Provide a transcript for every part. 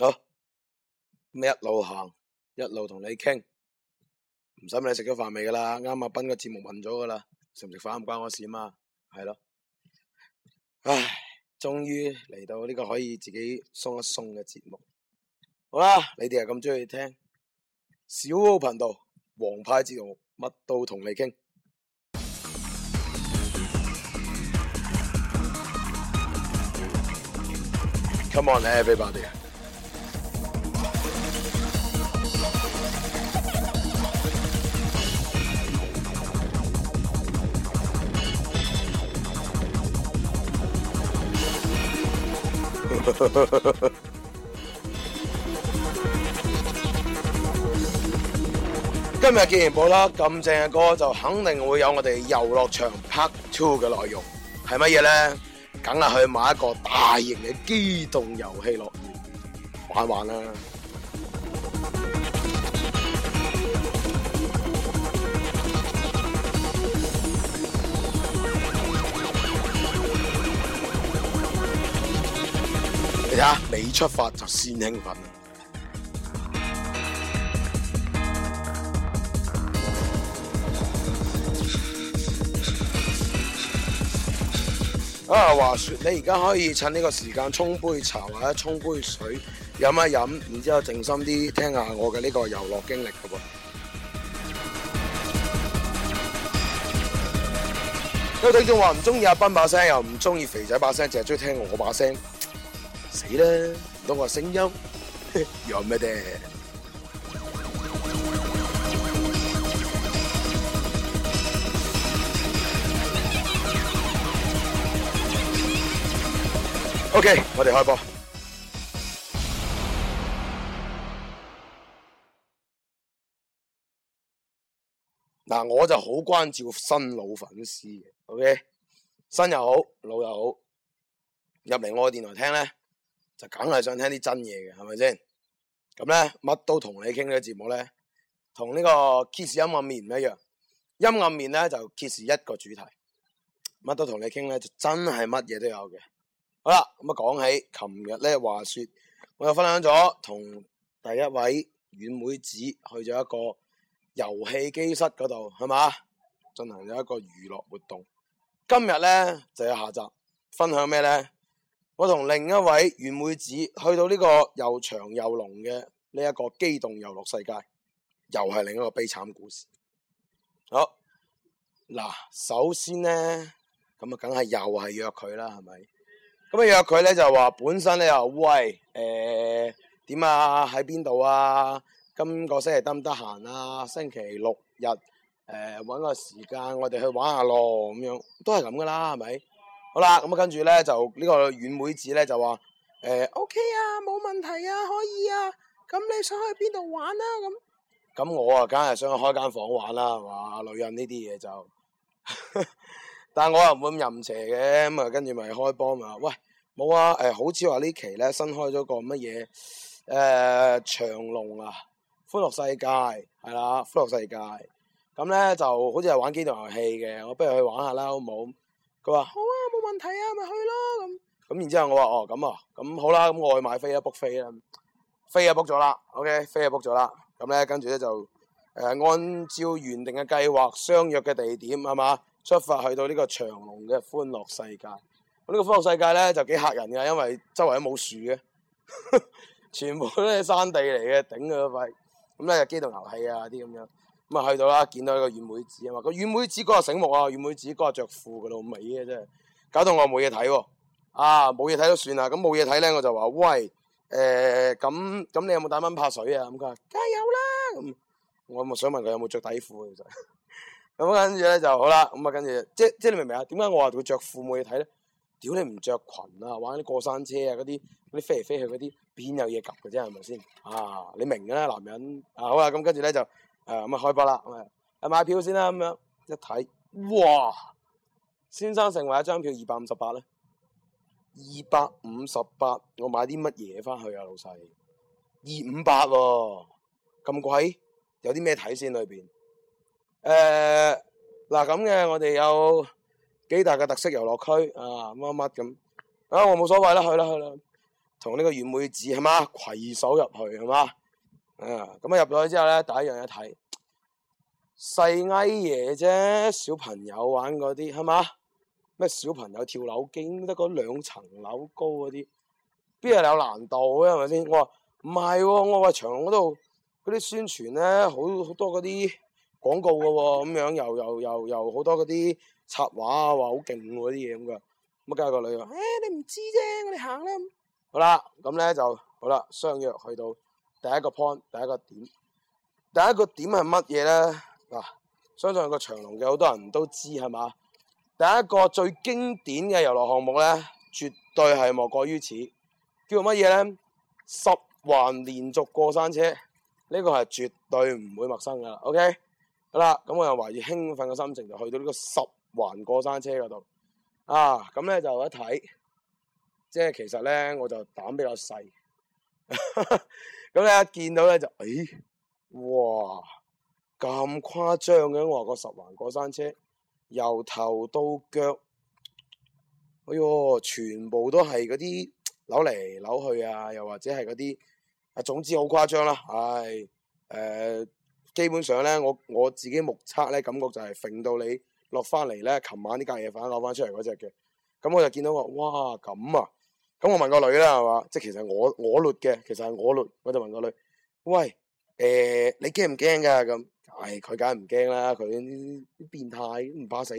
好咁，哦、一路行，一路同你傾，唔使問你食咗飯未噶啦，啱阿斌個節目混咗噶啦，食唔食飯唔關我事啊嘛，係咯，唉，終於嚟到呢個可以自己鬆一鬆嘅節目，好啦，你哋又咁中意聽小歐頻道王牌節目，乜都同你傾，Come on everybody！ 今日既然播啦咁正嘅歌，就肯定會有我哋遊樂場 Part Two 嘅內容，係乜嘢咧？梗係去買一個大型嘅機動遊戲樂園玩玩啦！未出發就先興奮啊！話説你而家可以趁呢個時間沖杯茶或者沖杯水飲一飲，然之後靜心啲聽下我嘅呢個遊樂經歷好噃。有聽眾話唔中意阿斌把聲，又唔中意肥仔把聲，淨係中意聽我把聲。死啦！當我聲音 有咩嘅？OK，我哋開播。嗱，我就好關照新老粉絲嘅。OK，新又好，老又好，入嚟我嘅電台聽咧。就梗係想聽啲真嘢嘅，係咪先？咁咧，乜都同你傾呢個節目咧，同呢個 kiss 音樂面唔一樣。音樂面咧就 kiss 一個主題，乜都同你傾咧就真係乜嘢都有嘅。好啦，咁啊講起琴日咧，話說我又分享咗同第一位阮妹子去咗一個遊戲機室嗰度，係嘛進行咗一個娛樂活動。今日咧就有下集分享咩咧？我同另一位元妹子去到呢個又長又濃嘅呢一個機動遊樂世界，又係另一個悲慘故事。好，嗱，首先呢，咁啊，梗係又係約佢啦，係咪？咁啊，約佢呢，就話本身呢又喂，誒、呃，點啊？喺邊度啊？今個星期得唔得閒啊？星期六日誒，搵、呃、個時間我哋去玩下、啊、咯，咁樣都係咁噶啦，係咪？好啦，咁、欸 okay、啊，跟住咧就呢個軟妹子咧就話誒，O K 啊，冇問題啊，可以啊，咁你想去邊度玩啊？咁咁我啊，梗係想去開間房玩啦，係嘛，女人呢啲嘢就， 但我又唔會咁淫邪嘅，咁啊跟住咪開波啊嘛？喂，冇啊，誒、欸，好似話呢期咧新開咗個乜嘢誒長隆啊，歡樂世界係啦，歡樂世界，咁咧就好似係玩機動遊戲嘅，我不如去玩下啦，好唔好？佢話好啊，冇問題啊，咪去咯咁。咁然之後我話哦，咁啊，咁好啦，咁外賣飛一 book 飛啦，飛啊 book 咗啦，OK，飛啊 book 咗啦。咁咧跟住咧就誒、呃，按照原定嘅計劃，相約嘅地點係嘛，出發去到呢個長隆嘅歡樂世界。咁、這、呢個歡樂世界咧就幾吓人噶，因為周圍都冇樹嘅， 全部都係山地嚟嘅，頂佢個肺。咁咧就機動遊戲啊啲咁樣。咁啊去到啦，見到一個軟妹子啊嘛！個軟妹子嗰個醒目啊，軟妹子嗰個著褲佢老味啊真係，搞到我冇嘢睇喎！啊冇嘢睇都算啦，咁冇嘢睇咧我就話：喂誒，咁咁你有冇帶蚊怕水啊？咁佢話：加油啦！咁我咪想問佢有冇着底褲其實。咁跟住咧就好啦。咁啊跟住即，即你明唔明啊？點解我話會着褲冇嘢睇咧？屌你唔着裙啊！玩啲過山車啊，嗰啲嗰啲飛嚟飛去嗰啲，邊有嘢及嘅啫係咪先？啊你明嘅啦，男人啊，好啦，咁跟住咧就。誒，咁啊、嗯、開波啦，咁、嗯、啊，啊買票先啦，咁樣一睇，哇！先生，成為一張票二百五十八咧，二百五十八，我買啲乜嘢翻去啊，老細，二五八喎，咁貴，有啲咩睇先裏邊？誒、呃，嗱咁嘅，我哋有幾大嘅特色遊樂區啊，乜乜咁，啊，我冇所謂啦，去啦去啦，同呢個軟妹子係嘛，攜手入去係嘛。誒，咁啊入咗去之後咧，第一樣嘢睇細埃嘢啫，小朋友玩嗰啲係嘛？咩小朋友跳樓驚得嗰兩層樓高嗰啲，邊有難度嘅係咪先？我話唔係，我話長隆嗰度嗰啲宣傳咧，好好多嗰啲廣告嘅喎、哦，咁樣又又又又好多嗰啲插畫啊，話好勁嗰啲嘢咁嘅。乜梗係個女話誒、欸，你唔知啫，我哋行啦。好啦，咁咧就好啦，相約去到。第一個 point，第一個點，第一個點係乜嘢呢？嗱、啊，相信喺個長隆嘅好多人都知係嘛？第一個最經典嘅遊樂項目呢，絕對係莫過於此，叫做乜嘢呢？十環連續過山車，呢個係絕對唔會陌生噶啦。OK，好啦，咁我又懷住興奮嘅心情就去到呢個十環過山車嗰度。啊，咁呢就一睇，即係其實呢，我就膽比較細。咁咧，一、 嗯、見到咧就，哎，哇，咁誇張嘅，我話個十環過山車，由頭到腳，哎呦，全部都係嗰啲扭嚟扭去啊，又或者係嗰啲，啊，總之好誇張啦，唉、哎，誒、呃，基本上咧，我我自己目測咧，感覺就係揈到你落翻嚟咧，琴晚啲隔夜飯攞翻出嚟嗰隻嘅。咁、嗯、我就見到話，哇，咁啊！咁我問個女啦，係嘛？即係其實我我虐嘅，其實係我虐。我就問個女：喂，誒、欸，你驚唔驚噶？咁，唉、哎，佢梗係唔驚啦，佢啲變態唔怕死，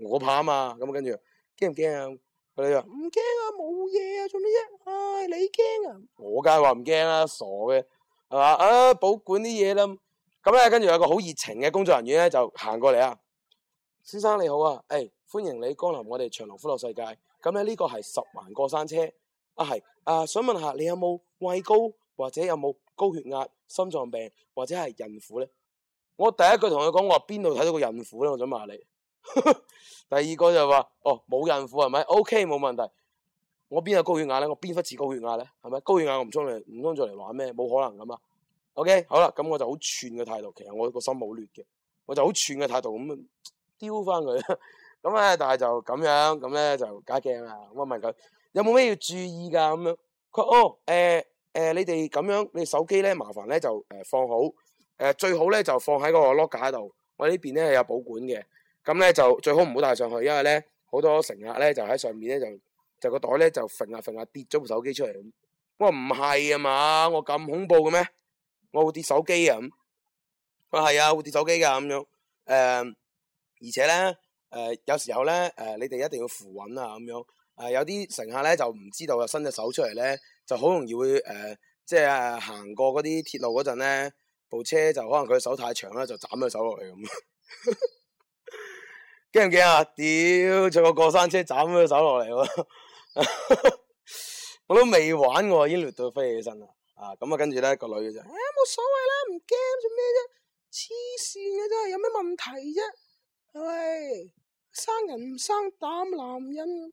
我怕啊嘛。咁跟住驚唔驚啊？佢哋話唔驚啊，冇嘢、哎、啊，做咩啫？唉，你驚啊？我梗係話唔驚啦，傻嘅，係嘛？啊，保管啲嘢啦。咁咧，跟住有個好熱情嘅工作人員咧，就行過嚟啊。先生你好啊，誒、欸，歡迎你光臨我哋長隆歡樂世界。咁咧呢個係十環過山車。啊係，啊，想問下你有冇畏高或者有冇高血壓、心臟病或者係孕婦咧？我第一句同佢講，我話邊度睇到個孕婦咧？我想問下你。 第二個就話，哦，冇孕婦係咪？OK，冇問題。我邊有高血壓咧？我邊忽似高血壓咧？係咪？高血壓我唔通嚟，唔通再嚟玩咩？冇可能噶嘛。OK，好啦，咁我就好串嘅態度，其實我個心冇亂嘅，我就好串嘅態度咁丟翻佢。咁咧，但係就咁樣，咁咧就假驚啦。咁我問佢。有冇咩要注意噶咁樣？佢哦，誒、呃、誒、呃，你哋咁樣，你手機咧麻煩咧就誒放好，誒、呃、最好咧就放喺個 locker 度。我呢邊咧係有保管嘅，咁咧就最好唔好帶上去，因為咧好多乘客咧就喺上面咧就就個袋咧就揈下揈下跌咗部手機出嚟。我唔係啊嘛，我咁恐怖嘅咩？我會跌手機啊咁。我話係啊，會跌手機噶咁樣。誒、嗯，而且咧，誒、呃，有時候咧，誒、呃，你哋一定要扶穩啊咁樣。啊、呃、有啲乘客咧就唔知道啊，伸隻手出嚟，咧就好容易會誒、呃、即係、呃、行過嗰啲鐵路嗰陣，咧部車就可能佢手太長啦，就斬咗手落嚟，咁驚唔驚啊？屌着個過山車斬咗手落嚟 我都未玩過已經煙到飛起身啦，啊咁啊，跟住咧個女嘅就誒冇，所謂啦，唔驚做咩啫，黐線嘅，真係有咩問題啫，係咪生人唔生膽男人？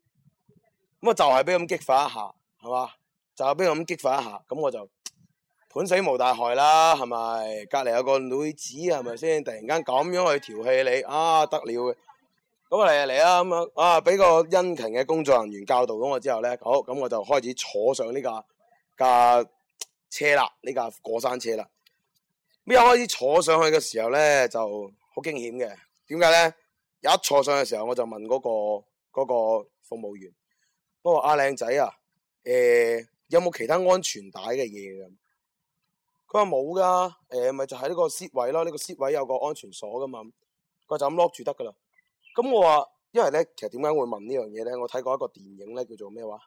咁啊，我就係俾咁激發一下，係嘛？就係俾咁激發一下，咁我就拼死無大害啦，係咪？隔籬有個女子，係咪先？突然間咁樣去調戲你，啊得了嘅。咁啊嚟，啊嚟啦，咁啊，啊俾個殷勤嘅工作人員教導咗我之後咧，好，咁我就開始坐上呢架架車啦，呢架過山車啦。咁一開始坐上去嘅時候咧，就好驚險嘅。點解咧？一坐上去嘅時候，我就問嗰、嗰個、嗰個服務員。不過阿靚仔啊，誒、欸，有冇其他安全帶嘅嘢？咁佢話冇噶，誒，咪、欸、就喺、是、呢個閂位咯，呢、這個閂位有個安全鎖噶嘛，佢就咁攞住得噶啦。咁、嗯、我話，因為咧，其實點解會問呢樣嘢咧？我睇過一個電影咧，叫做咩話？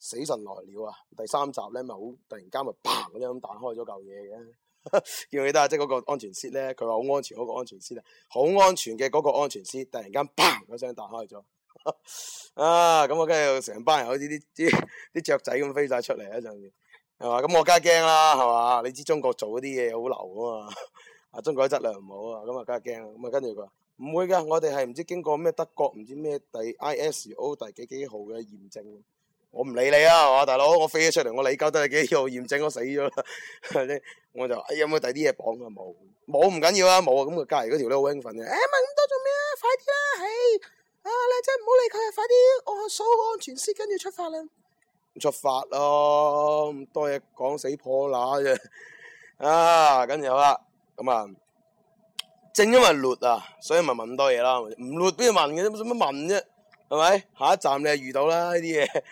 死神來了啊，第三集咧，咪好突然間咪砰嗰啲咁打開咗嚿嘢嘅，記唔記得啊？即係嗰個安全閂咧，佢話好安全嗰、那個安全閂，好安全嘅嗰個安全閂，突然間砰嗰聲打開咗。 啊，咁我梗係成班人好似啲啲啲雀仔咁飛晒出嚟啊！上次係嘛，咁我梗係驚啦，係嘛？你知中國做嗰啲嘢好流啊嘛？啊，中國質量唔好啊，咁啊梗係驚。咁啊跟住佢話唔會噶，我哋係唔知經過咩德國唔知咩第 I S O 第幾幾號嘅驗證。我唔理你啊，係嘛，大佬，我飛咗出嚟，我理交第幾號驗證，我死咗啦。啊、我就哎有冇、嗯、第啲嘢綁啊？冇，冇唔緊要啊。冇啊。咁佢隔籬嗰條女好興奮啊。哎，問咁多做咩啊？快啲啦，嘿。哎哎哎啊！靚仔唔好理佢啊！快啲按鎖個安全先，跟住出發啦！出發咯！咁多嘢講死破乸嘅啊！跟住好啦，咁、嗯、啊正因為亂啊，所以咪問咁多嘢啦。唔亂邊度問嘅啫，使乜問啫？係咪？下一站你係遇到啦呢啲嘢。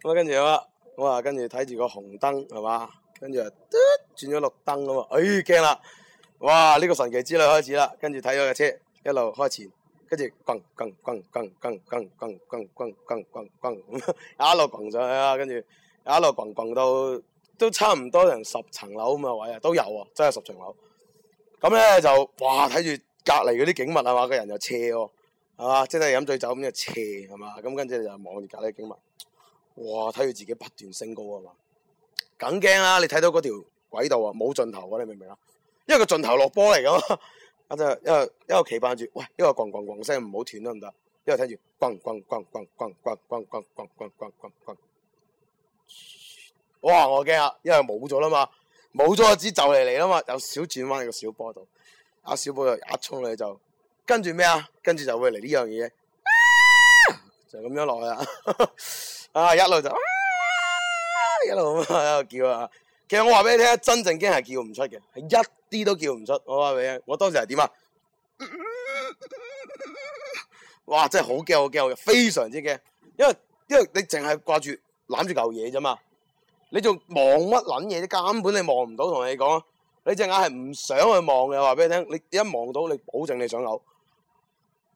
咁啊，跟住好啦，我話跟住睇住個紅燈係嘛，跟住啊，嘟，轉咗綠燈啊嘛。哎，驚啦！哇！呢、這個神奇之旅開始啦，跟住睇咗架車一路開前。跟住逛逛逛逛逛逛逛逛逛逛逛，一路逛上去啦，跟住一路逛逛到都差唔多成十層樓咁嘅位啊，都有啊，真係十層樓。咁咧就哇，睇住隔籬嗰啲景物啊嘛，個人又斜喎，係嘛，即係飲醉酒咁又斜係嘛，咁跟住就望住隔籬景物，哇，睇住自己不斷升高啊嘛，梗驚啦！你睇到嗰條軌道啊，冇盡頭噶，你明唔明啊？因為個盡頭落坡嚟噶。一陣，一個一個企住，喂，一個咣咣咣聲唔好斷得唔得？一個聽住，咣咣咣咣咣咣咣咣咣咣咣，哇！我驚啊，因為冇咗啦嘛，冇咗一支就嚟嚟啦嘛，有小轉彎喺個小波度，阿小波就一衝嚟就跟住咩啊？跟住就會嚟呢樣嘢，time, 啊、就咁樣落去啦，啊一路就一路咁樣叫啊！其實我話俾你聽，真正驚係叫唔出嘅，係一啲都叫唔出。我話俾你聽，我當時係點啊？哇！真係好驚，好驚，非常之驚。因為因為你淨係掛住攬住嚿嘢啫嘛，你仲望乜卵嘢？你根本你望唔到。同你講，你隻眼係唔想去望嘅。我話俾你聽，你一望到，你保證你想嘔。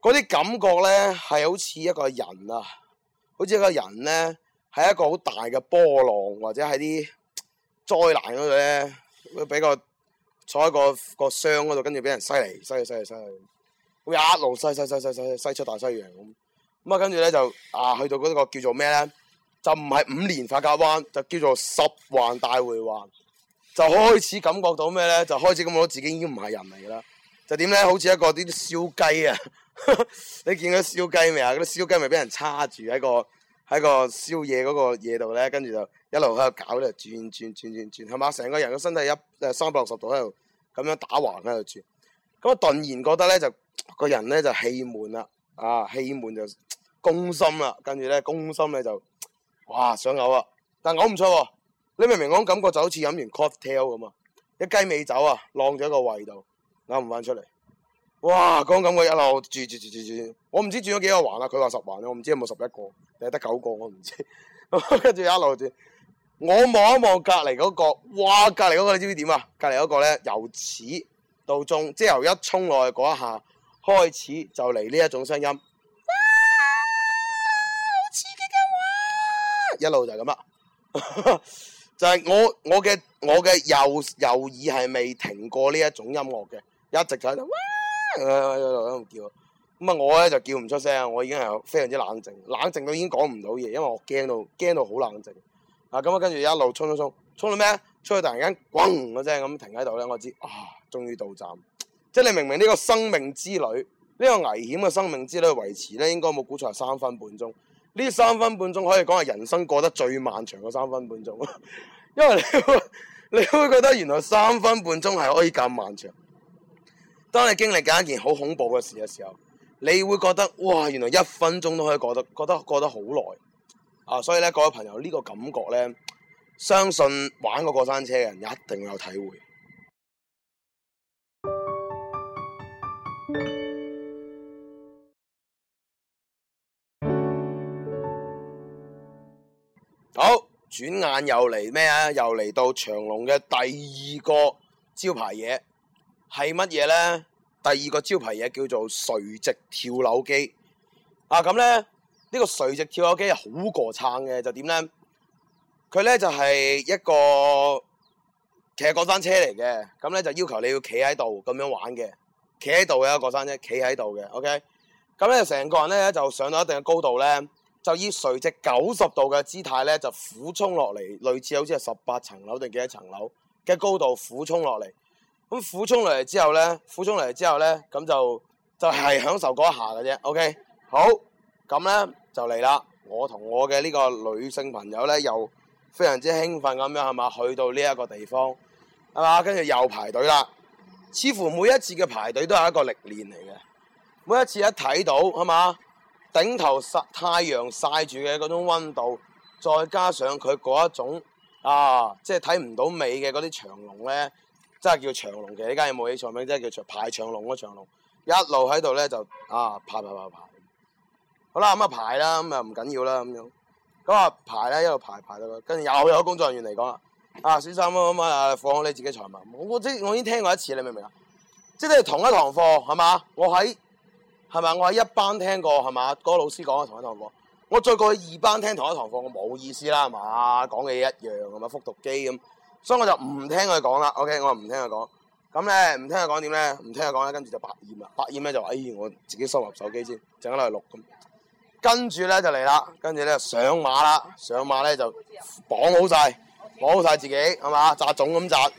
嗰啲感覺咧，係好似一個人啊，好似一個人咧，係一個好大嘅波浪，或者係啲。災難嗰度咧，佢俾個坐喺個個箱嗰度，跟住俾人犀嚟犀嚟犀嚟犀去，咁一路西西西西西出大西洋咁。咁啊，跟住咧就啊去到嗰個叫做咩咧，就唔係五年髮夾彎，就叫做十環大回環，就開始感覺到咩咧？就開始感覺到自己已經唔係人嚟噶啦。就點咧？好似一個啲燒雞啊！你見到燒雞未啊？嗰啲燒雞咪俾人叉住喺個。喺個宵夜嗰個嘢度咧，跟住就一路喺度搞咧，轉轉轉轉轉，係嘛？成個人個身體 1, 一誒三百六十度喺度咁樣打橫喺度轉，咁啊，突然覺得咧就個人咧就氣悶啦，啊氣悶就攻心啦，跟住咧攻心咧就哇想嘔啊，但嘔唔出，你明唔明？我感覺就好似飲完 cocktail 咁啊，一雞尾酒啊，晾咗個胃度，嘔唔翻出嚟。哇！講緊我一路轉轉轉轉轉，我唔知轉咗幾個環啦。佢話十環啦，我唔知有冇十一個，定係得九個，我唔知。跟住一路轉，我望一望隔籬嗰個，哇！隔籬嗰個你知唔知點啊？隔籬嗰個咧由始到終，即係由一衝落去嗰一下開始就嚟呢一種聲音，哇、啊！好刺激嘅，哇！一路就係咁啦，就係、是、我我嘅我嘅右右耳係未停過呢一種音樂嘅，一直就喺、是、度。喺度喺度叫，咁啊我咧就叫唔出聲，我已經係非常之冷靜，冷靜到已經講唔到嘢，因為我驚到驚到好冷靜。啊咁啊，跟住一路衝冲衝，衝到咩？出去突然間，嗡嘅聲咁停喺度咧，我知啊，終於到站。即係你明明呢個生命之旅，呢個危險嘅生命之旅維持咧，應該冇估錯係三分半鐘。呢三分半鐘可以講係人生過得最漫長嘅三分半鐘，因為你會你會覺得原來三分半鐘係可以咁漫長。當你經歷緊一件好恐怖嘅事嘅時候，你會覺得哇，原來一分鐘都可以過得，過得過得好耐啊！所以咧，各位朋友呢、呢個感覺咧，相信玩過過山車嘅人一定會有體會。好，轉眼又嚟咩啊？又嚟到長隆嘅第二個招牌嘢。係乜嘢咧？第二個招牌嘢叫做垂直跳樓機啊！咁咧呢、這個垂直跳樓機係好過撐嘅，就點咧？佢咧就係、是、一個騎過山車嚟嘅，咁咧就要求你要企喺度咁樣玩嘅，企喺度嘅過山車，企喺度嘅，OK。咁咧成個人咧就上到一定嘅高度咧，就以垂直九十度嘅姿態咧就俯衝落嚟，類似好似係十八層樓定幾多層樓嘅高度俯衝落嚟。咁俯衝嚟之後呢，俯衝嚟之後呢，咁就就係、是、享受嗰一下嘅啫。OK，好，咁呢就嚟啦。我同我嘅呢個女性朋友呢，又非常之興奮咁樣係嘛，去到呢一個地方，係嘛，跟住又排隊啦。似乎每一次嘅排隊都係一個歷練嚟嘅，每一次一睇到係嘛，頂頭晒太陽晒住嘅嗰種温度，再加上佢嗰一種啊，即係睇唔到尾嘅嗰啲長龍呢。真係叫長龍嘅，呢間有冇起錯名？真係叫長排長龍長龍，一路喺度咧就啊排排排排。好啦，咁、嗯、啊排啦，咁啊唔緊要啦咁樣。咁、嗯、啊排咧，一路排排到，跟住又有工作人員嚟講啦。啊，先生咁啊，放你自己財物。我即我，我已經聽過一次，你明唔明啊？即係你同一堂課，係嘛？我喺係咪？我喺一班聽過，係嘛？嗰、那個老師講嘅同一堂課，我再過去二班聽同一堂課，我冇意思啦係嘛？講嘅一樣，咁啊復讀機咁。所以我就唔聽佢講啦，OK？我唔聽佢講，咁咧唔聽佢講點咧？唔聽佢講咧，跟住就白煙啦。白煙咧就話、哎：，我自己收埋手機先，陣間落去錄。跟住咧就嚟啦，跟住咧就上馬啦。上馬咧就綁好晒，綁好晒自己，係嘛？紮粽咁紮，誒、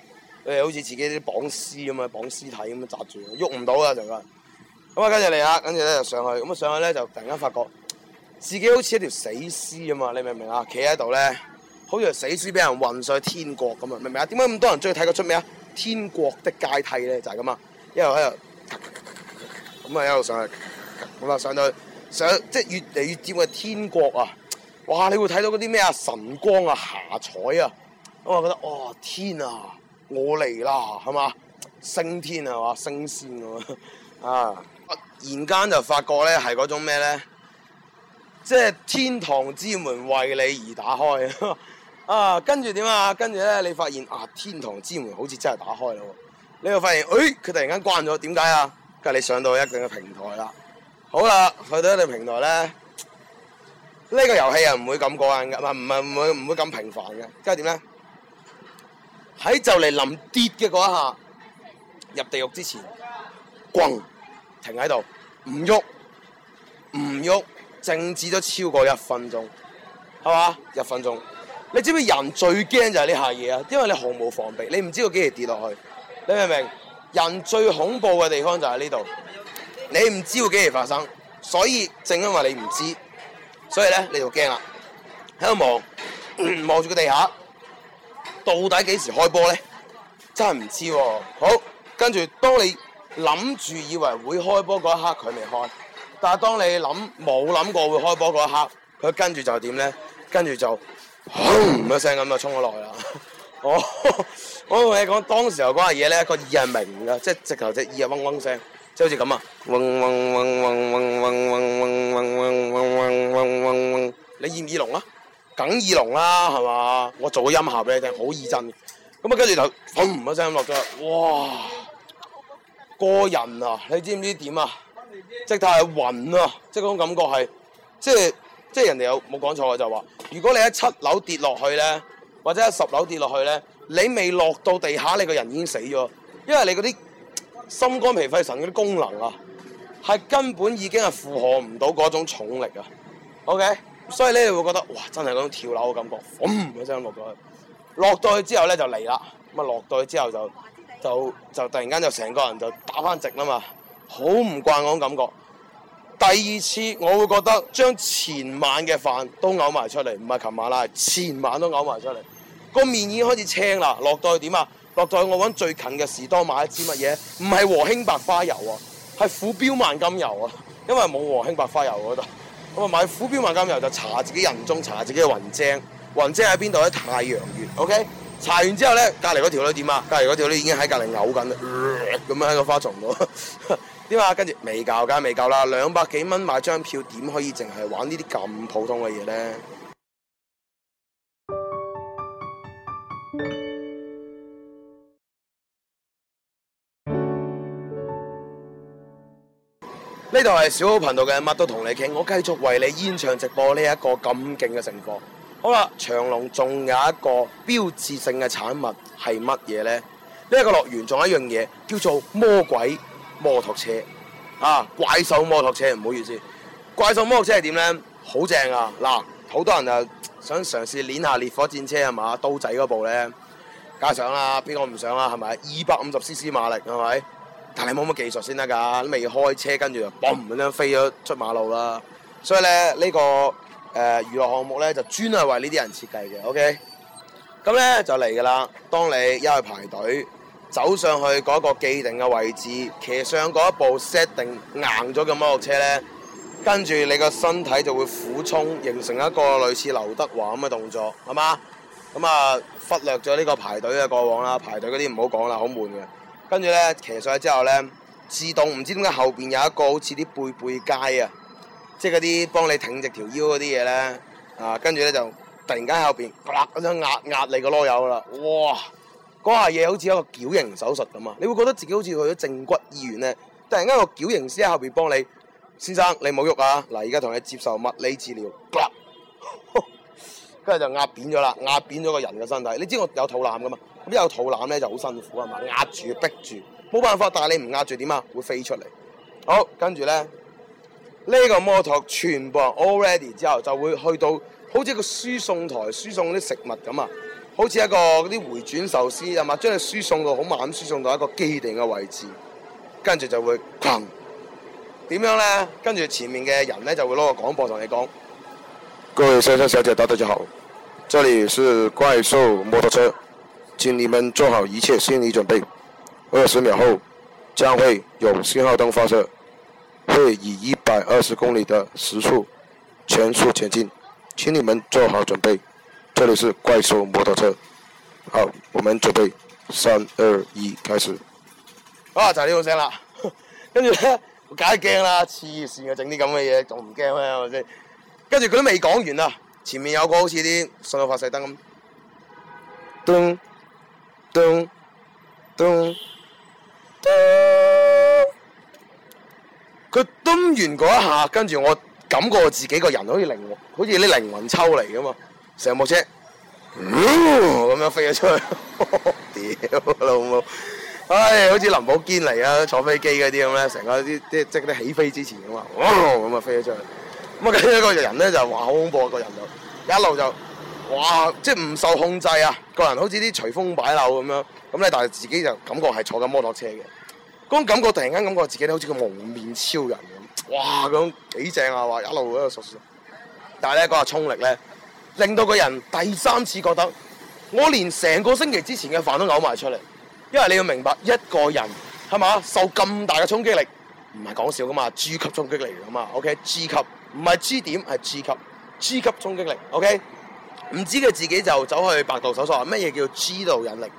哎，好似自己啲綁屍噉樣，綁屍體咁樣紮住，喐唔到啦，陣間。咁啊，跟住嚟啦，跟住咧就上去，咁啊上去咧就突然間發覺自己好似一條死屍咁啊！你明唔明啊？企喺度咧。好似係死屍俾人運上去天國咁啊！明唔明啊？點解咁多人中意睇佢出名啊？《天國的階梯》呢咧就係咁啊！一路喺度咁啊，一路上去咁啊，上到去，上到即係越嚟越接近天國啊！哇！你會睇到嗰啲咩啊？晨光啊、霞彩啊，我啊覺得哇、哦！天啊，我嚟啦，係嘛升天升啊，哇升仙咁啊！突然間就發覺咧係嗰種咩咧，即係天堂之門為你而打開。呵呵啊，跟住點啊？跟住咧，你發現啊，天堂之門好似真係打開啦。你又發現，誒、哎，佢突然間關咗，點解啊？跟住你上到一定嘅平台啦。好啦，去到一定平台咧，呢、這個遊戲啊唔會咁過癮嘅，唔係唔係唔會唔會咁平凡嘅。即係點咧？喺就嚟臨跌嘅嗰一下，入地獄之前，轟，停喺度，唔喐，唔喐，靜止咗超過一分鐘，係嘛？一分鐘。你知唔知人最驚就係呢下嘢啊？因為你毫無防備，你唔知道幾時跌落去，你明唔明？人最恐怖嘅地方就喺呢度，你唔知會幾時發生，所以正因為你唔知，所以咧你就驚啦，喺度望望住個地下，到底幾時開波咧？真係唔知喎。好，跟住當你諗住以為會開波嗰一刻，佢未開；但係當你諗冇諗過會開波嗰一刻，佢跟住就點咧？跟住就。轟一聲咁就衝咗落去啦！我我同你講，當時候嗰下嘢咧個耳係鳴噶，即係直頭隻耳係嗡嗡聲，即係好似咁啊，嗡嗡嗡嗡嗡嗡嗡嗡嗡嗡嗡嗡。你燕耳龍啊，梗耳龍啦，係嘛？我做個音效俾你聽，好易震嘅。咁啊，跟住就轟一聲咁落咗啦！哇，個人啊，你知唔知點啊？直頭係暈啊，即係嗰種感覺係，即係。即係人哋有冇講錯就話嘅，如果你喺七樓跌落去咧，或者喺十樓跌落去咧，你未落到地下，你個人已經死咗，因為你嗰啲心肝脾肺腎嗰啲功能啊，係根本已經係負荷唔到嗰種重力啊。OK，所以咧你會覺得哇，真係嗰種跳樓嘅感覺，嗯一聲落咗去，落到去之後咧就嚟啦，咁啊落到去之後就就就突然間就成個人就打翻直啦嘛，好唔慣嗰種感覺。第二次我會覺得將前晚嘅飯都嘔埋出嚟，唔係琴晚啦，前晚都嘔埋出嚟。個面已經開始青啦，落到去點啊？落到去我揾最近嘅士多買一支乜嘢？唔係和興白花油啊，係虎標萬金油啊，因為冇和興白花油嗰度。咁啊買虎標萬金油就搽自己人中，搽自己嘅雲精，雲精喺邊度咧？太陽穴，OK。搽完之後咧，隔離嗰條女點啊？隔離嗰條女已經喺隔離嘔緊啦，咁、呃、樣喺個花叢度。 點啊！跟住未夠㗎，未夠啦！兩百幾蚊買張票，點可以淨係玩呢啲咁普通嘅嘢咧？呢度係小虎頻道嘅乜都同你傾，我繼續為你現場直播呢一個咁勁嘅盛況。好啦，長隆仲有一個標誌性嘅產物係乜嘢咧？呢、呢個樂園仲有一樣嘢叫做魔鬼。摩托車啊，怪獸摩托車，唔好意思，怪獸摩托車係點咧？好正啊！嗱，好多人啊想嘗試練下烈火戰車係嘛？刀仔嗰部咧，加上啦、啊，邊個唔想啦、啊？係咪？二百五十 cc 馬力係咪？但係冇乜技術先得噶，未開車，跟住就嘣咁樣飛咗出馬路啦。所以咧呢、這個誒娛樂項目咧就專係為呢啲人設計嘅。OK，咁、嗯、咧就嚟噶啦，當你一去排隊。走上去嗰個既定嘅位置，騎上嗰一部 set 定硬咗嘅摩托車呢，跟住你個身體就會俯衝，形成一個類似劉德華咁嘅動作，係咪？咁啊，忽略咗呢個排隊嘅過往啦，排隊嗰啲唔好講啦，好悶嘅。跟住呢，騎上去之後呢，自動唔知點解後邊有一個好似啲背背佳啊，即係嗰啲幫你挺直條腰嗰啲嘢呢。啊，跟住呢，就突然間喺後邊，嗰隻壓壓你個囉柚啦，哇！嗰下嘢好似一個矯形手術咁啊！你會覺得自己好似去咗正骨醫院咧，突然間一個矯形師喺後邊幫你，先生你冇喐啊！嗱，而家同你接受物理治療，跟住 就壓扁咗啦，壓扁咗個人嘅身體。你知我有肚腩噶嘛？咁有肚腩咧就好辛苦啊嘛，壓住逼住，冇辦法。但係你唔壓住點啊？會飛出嚟。好，跟住咧呢、呢個摩托全部 all ready 之後，就會去到好似個輸送台輸送啲食物咁啊！好似一個嗰啲回轉壽司，吖嘛？將你輸送到好慢咁輸送到一個既定嘅位置，跟住就會砰。呃、點樣咧？跟住前面嘅人咧就會攞個廣播同你講：各位先生小姐，大家好，這裏是怪獸摩托車，請你們做好一切心理準備。二十秒後，將會有信號燈發射，會以一百二十公里的時速全速前進，請你們做好準備。這裏是怪獸摩托車，好，我們準備，三二一，開始。嘩！就係呢個聲啦，跟住咧，我梗係驚啦，黐線啊，整啲咁嘅嘢，仲唔驚咩？我真，跟住佢都未講完啊！前面有個好似啲信號發射燈咁，咚咚咚咚，佢咚完嗰一下，跟住我感覺我自己個人好似靈活，好似啲靈魂抽嚟咁嘛。成部車，咁、嗯、樣飛咗出去，屌老母，唉、哎，好似林寶堅尼啊，坐飛機嗰啲咁咧，成個啲啲即係啲起飛之前咁啊，咁啊飛咗出去，咁啊跟住一個人咧就話好恐怖啊，個人就一路就哇，即係唔受控制啊，個人好似啲隨風擺漏咁樣，咁咧但係自己就感覺係坐緊摩托車嘅，嗰、那、種、個、感覺突然間感覺自己咧好似個幪面超人咁，哇，咁種幾正啊，話一路喺度索索，但係咧嗰個衝力咧。令到個人第三次覺得，我連成個星期之前嘅飯都嘔埋出嚟，因為你要明白一個人係嘛受咁大嘅衝擊力，唔係講笑噶嘛，G 級衝擊力，噶嘛，OK，G、okay? 級唔係 G 點係 G 級，G 級衝擊力，OK，唔知佢自己就走去百度搜索乜嘢叫做 G 度引力，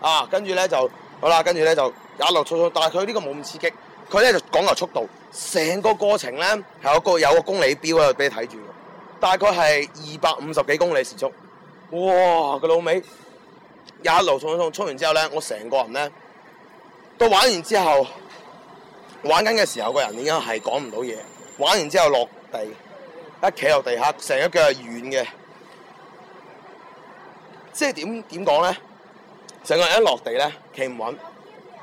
啊，跟住咧就好啦，跟住咧就也落粗粗，但係佢呢個冇咁刺激，佢咧就講求速度，成個過程咧係有個有個公里表喺度俾你睇住。大概係二百五十幾公里時速，哇！個老味一路衝衝衝，衝完之後咧，我成個人咧，到玩完之後，玩緊嘅時候個人已經係講唔到嘢，玩完之後落地，一企落地下，成一腳係軟嘅，即係點點講咧，成個人一落地咧，企唔穩，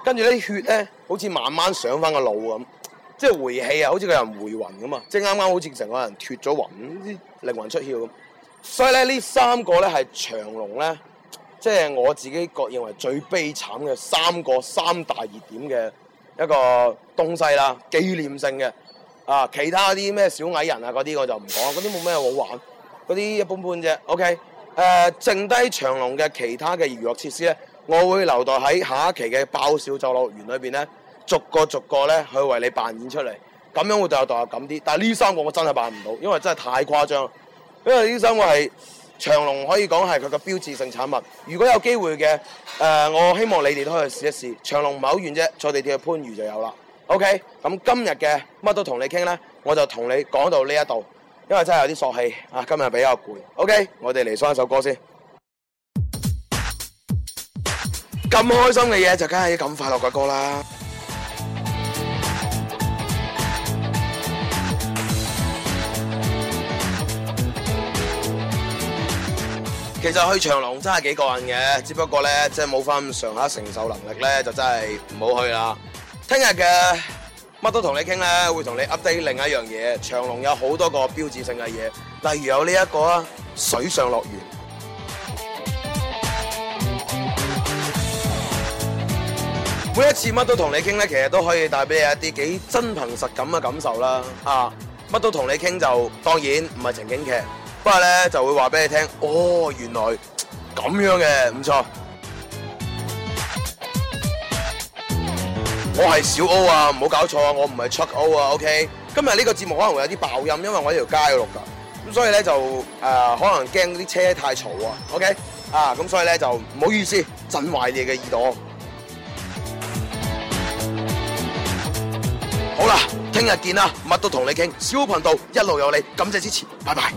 跟住啲血咧，好似慢慢上翻個腦咁。即係回氣啊，好似個人回魂咁啊！即係啱啱好似成個人脫咗魂，靈魂出竅咁。所以咧，呢三個咧係長隆咧，即係我自己覺認為最悲慘嘅三個三大熱點嘅一個東西啦，紀念性嘅啊。其他啲咩小矮人啊嗰啲我就唔講，嗰啲冇咩好玩，嗰啲一般般啫。OK，誒、呃，剩低長隆嘅其他嘅娛樂設施咧，我會留待喺下一期嘅爆笑走樂園裏邊咧。逐個逐個咧去為你扮演出嚟咁樣會有代入代入感啲。但係呢三個我真係扮唔到，因為真係太誇張。因為呢三個係長隆可以講係佢嘅標誌性產物。如果有機會嘅，誒、呃，我希望你哋都可以試一試。長隆唔係好遠啫，坐地鐵去番禺就有啦。OK，咁今日嘅乜都同你傾啦，我就同你講到呢一度，因為真係有啲索氣啊，今日比較攰。OK，我哋嚟送一首歌先。咁開心嘅嘢，就梗係咁快樂嘅歌啦。其實去長隆真係幾過癮嘅，只不過咧即係冇返咁上下承受能力咧，就真係唔好去啦。聽日嘅乜都同你傾咧，會同你 update 另一樣嘢。長隆有好多個標誌性嘅嘢，例如有呢、這、一個啊水上樂園。每一次乜都同你傾咧，其實都可以帶俾你一啲幾真憑實感嘅感受啦。啊，乜都同你傾就當然唔係情景劇。不過咧就會話俾你聽，哦，原來咁樣嘅，唔錯。我係小 O 啊，唔好搞錯啊，我唔係 Chuck O 啊，OK。今日呢個節目可能會有啲爆音，因為我喺條街度噶，咁所以咧就誒、呃、可能驚啲車太嘈啊，OK。啊，咁、okay？啊、所以咧就唔好意思震壞你嘅耳朵。好啦，聽日見啦，乜都同你傾，小 O 頻道一路有你，感謝支持，拜拜。